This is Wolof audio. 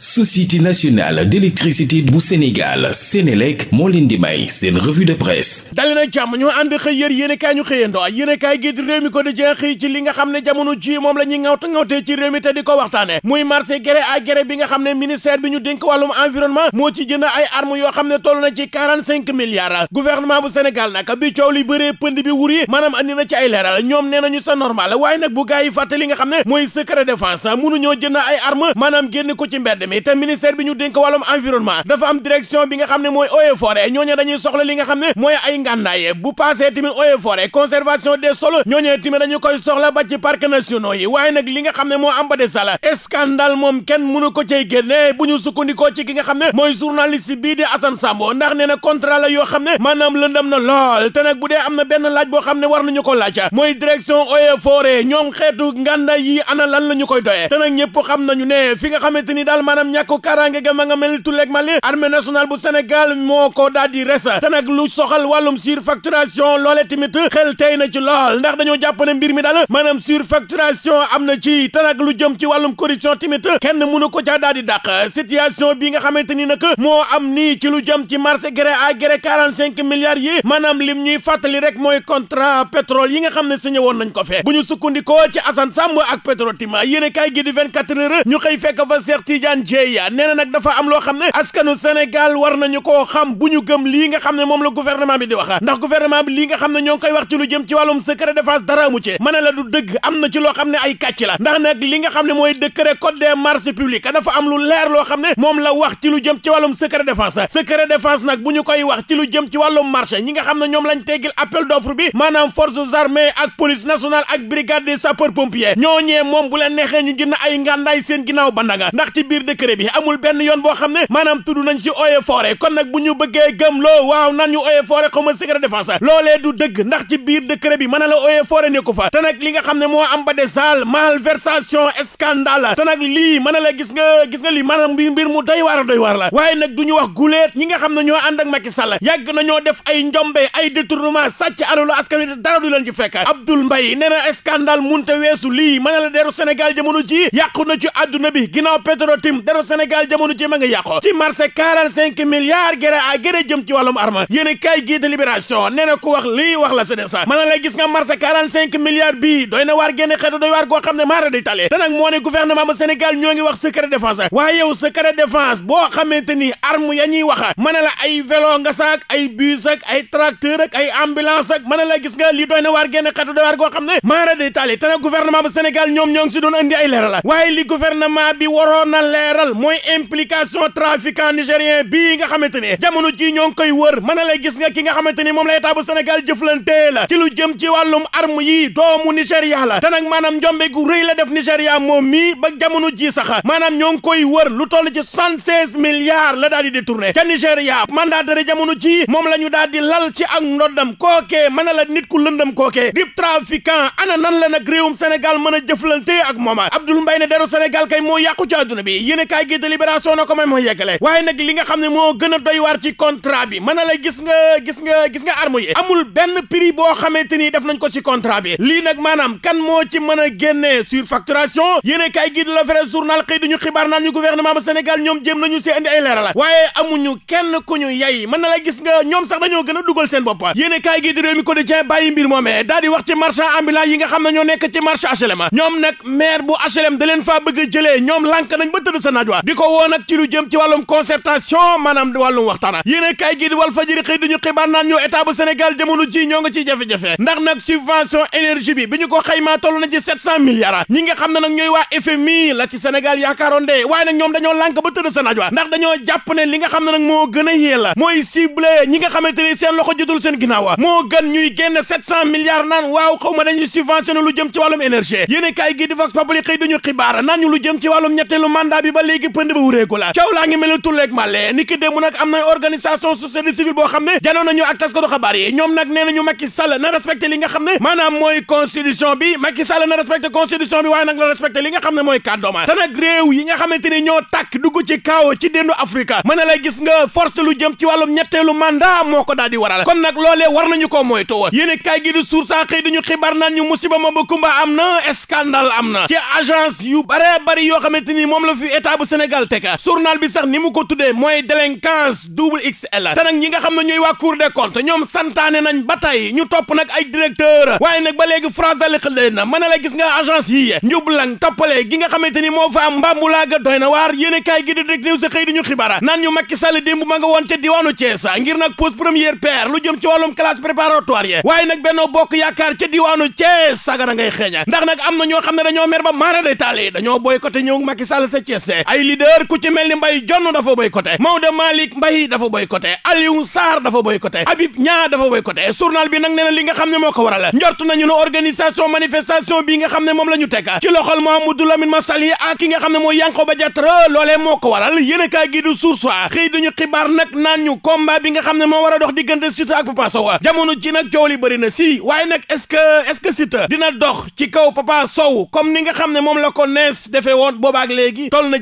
société nationale d'électricité bu Sénégal Sénélec moo leen di may seen revue de presse dali na ñoo ànd xëy yér yéenekaay ñu xëyandoo yéenekaay gi réew mi ko di jeex xëy ci li nga xam ne jamono ji moom la ñuy ngawta ngawtee ci réew mi te di ko waxtaane muy marché gré à gré bi nga xam ne ministère bi ñu dénk wàllum environnement moo ci jënd ay armes yoo xam ne toll na ci 45 milliards gouvernement bu Sénégal nag bi coow li bëree pënd bi wuri na ci ay leeral ñoom sa normal waaye nag bu gaa li nga xam ne mooy secret défense mënuñoo jënd ko ci mbedd mi te ministère bi ñu dénk wàllum environnement dafa am direction bi nga xam ne mooy eaux et li nga xam ne mooy ay ngàndaay bu des sols ñooñu tamit dañu koy soxla ba ci parcs nationaux waaye nag li nga xam ne moo am ba moom kenn mënu ko cay génne bu ñu sukkandikoo ki nga xam ne mooy journaliste bii di Assane Sambo ndax nee na contrat la yoo xam ne maanaam lëndam na lool te am na benn laaj boo xam ne war nañu ko laaj mooy direction eaux et forêt ñoom xeetu ngàndaay yi ana lan la ñu koy doyee te nag ñëpp xam nañu ne fi nga xamante ni daal maanaam ñàkku kaaraange ga ma nga mel tuleeg mali armée nationale bu Sénégal moo ko daal di res te nag lu soxal wàllum surfacturation loole tamit xel tey na ci lool ndax dañoo jàpp mbir mi daal maanaam surfacturation am na ci te lu jëm ci wàllum corruption tamit kenn mënu ko caa daal di dàq situation bi nga xamante ni nag moo am ni ci lu jëm ci marché gré à gré quarante cinq milliards yi maanaam lim ñuy fàttali rek mooy contrat pétrole yi nga xam ne signé woon nañ ko fee bu ñu sukkandikoo ci Assane Samb ak Petro-Tim yéen ñu xëy fekk fa Cheikh Tidiane Dieye nee na nag dafa am loo xam ne askanu Sénégal war nañu koo xam bu ñu gëm lii nga xam ne moom la gouvernement bi di wax ndax gouvernement bi lii nga xam ne ñoo ngi koy wax ci lu jëm ci wàllum secret défense dara amu ci ma ne la du dëgg am na ci loo xam ne ay kàcc la ndax nag li nga xam ne mooy décret code des marchés publics dafa am lu leer loo xam ne moom la wax ci lu jëm ci wàllum secret défense secret défense nag bu ñu koy wax ci lu jëm ci wàllum marché ñi nga xam ne ñoom lañ teggil appel d'offre bi maanaam forces armées ak police nationale ak brigade des sapeurs pompiers ñooñee moom bu leen ñu jënd ay ngàndaay seen ginnaaw bandaga ndax ci biir décret bi amul benn yoon boo xam ne maanaam tudd nañ ci eaux et forêts kon nag bu ñu bëggee gëm loo waaw nan ñu eaux et forêts xaw ma secret défense loolee du dëgg ndax ci biir décret bi mën na la eaux et forêts nekku fa te li nga xam ne moo am ba des saal malversation scandale te nag lii mën na la gis nga gis nga lii maanaam mbir mu doy waar doy waar la waaye nag du ñu wax guleet ñi nga xam ne ñoo ànd ak Macky Sall yàgg nañoo def ay njombe ay détournement sàcc alalu askan wi dara du leen ci fekk Abdoul Mbaye nee na scandale munte weesu lii mën na la deeru Sénégal jamono ji yàqu na ci àdduna bi ginnaaw jëm daru Sénégal jamono ji ma nga yàqoo ci marché quarante cinq milliards gré à gré jëm ci wàllum arme yéen a kaay gii de libération nee na ku wax la sa des sa mën na la gis nga marché quarante cinq milliards bii doy na waar génne xeetu doy waar goo xam ne maara di tale danag moo ne gouvernement bu Sénégal ñoo ngi wax secret défense waaye yow secret défense boo xamante ni arme ya wax mën la ay vélo nga saak ay bus ay tracteur ay ambulance ak mën gis nga lii leeral mooy implication trafiquant nigérien bii nga xamante ni jamono ji ñoo koy wër mën a lay gis nga ki nga xamante ni moom lay état bu Sénégal jëflantee la ci lu jëm ci wàllum arme yi doomu Nigéria la te nag maanaam njombe gu rëy la def Nigéria moom mii ba jamono ji sax maanaam ñoo ngi koy wër lu toll ci soixante-seize milliards la daal di détourné ca Nigéria mandataire jamono ji moom la ñu daal di lal ci ak ndoddam kookee mën a la nit ku lëndam kookee di trafiquant ana nan la nag réewum Sénégal mën a jëflante ak mooma Abdoul Mbaye ne deru Sénégal kay moo yàqu ci àdduna bi yéen a kaay gi de libération na ko may mooy yeggale waaye nag li nga xam ne moo gën a doy waar ci contrat bi mën na nga gis nga gis nga arme yi benn prix boo xamante ni def nañ ko ci contrat bi lii nag maanaam kan moo ci mën a génnee surfacturation yéen a kaay gi de la vrai journal xëy duñu xibaar naan ñu gouvernement bu Sénégal ñoom jéem nañu si indi ay leeral waaye amuñu kenn ku ñu yay na la gis nga ñoom sax dañoo gën a dugal seen bopp yéen a kaay mi quotidien daal di wax ci marchand nga xam ne ñoo nekk ci marché HLM ñoom nag maire bu HLM da leen faa bëgg jëlee ñoom lànk nañ ba tëdd sa najwa di ko woon ak ci lu jëm ci wàllum concertation maanaam wàllum Sénégal jamono ji ñoo ngi ci jafe-jafe ndax nag subvention énergie bi bi ñu ko xaymaa toll na ci 700 milliards ñi nga xam ne nag ñooy waa FMI la ci Sénégal yaakaaroon de waaye nag ñoom dañoo lànk ba tëdd sa najwa ndax dañoo jàpp ne li nga xam ne nag moo gën a yéela mooy ciblé ñi nga xamante ni seen loxo jotul seen ginnaaw moo gën ñuy génn 700 milliards naan waaw xaw ma dañuy lu jëm ci wàllum énergie yéene kaay gi ba léegi pënd ba wureeku la coow laa ngi mel ni tulleeg màlle ni ki démb nag am na organisation société civile boo xam ne janoon nañu ak taskatu xabaar yi ñoom nag nee nañu Macky Sall na respecté li nga xam ne maanaam mooy constitution bi Macky Sall na respecté constitution bi waaye nag la respecté li nga xam ne mooy kàddooma te nag réew yi nga xamante ni ñoo tàkk dugg ci kaawo ci déndu Afrika mën na la nga force lu jëm ci wàllum ñetteelu mandat moo ko daal di état bu Sénégal teg journal bi sax ni mu ko tuddee mooy délinquance double XL te nag ñi nga xam na ñooy waa cour des comptes ñoom santaane nañ ba tey ñu topp nag ay directeur waaye nag ba léegi France dali xëy na mën na la gis nga agence yii njublang toppale gi nga xamante ni moo fa am mbambulaaga doy na waar yéen a kaay gi di direct news xëy di ñu xibaar naan ñu Macky Sall démb ma nga woon ca diwaanu Thiès ngir nag pose première pierre lu jëm ci wàllum Bokk Yaakaar ca diwaanu Thiès sagara ngay xeeña am na ñoo xam ne dañoo mer ba maara day taali dañoo ay leader ku ci mel ni Mbaye Jonn dafa boycotté Maodo Malick Mbaye dafa boycotté Aliou Sarr dafa boycotté Habib Niang dafa boycotté journal bi nag nee na li nga xam ne moo ko waral njort nañu ne organisation manifestation bi nga xam ne moom la ñu teg ci loxol Mamadou Lamine Massaly ak ki nga xam ne mooy Yankhoba Diattara loolee moo ko waral yéen a kaay gi xibaar nag naan ñu combat bi nga xam ne moom war a dox diggante Siteu ak Papa Sow jamono ji nag coow li bëri na si waaye nag est-ce que est-ce que Siteu dina xam ne moom la ko nees defee woon boobaak léegi toll na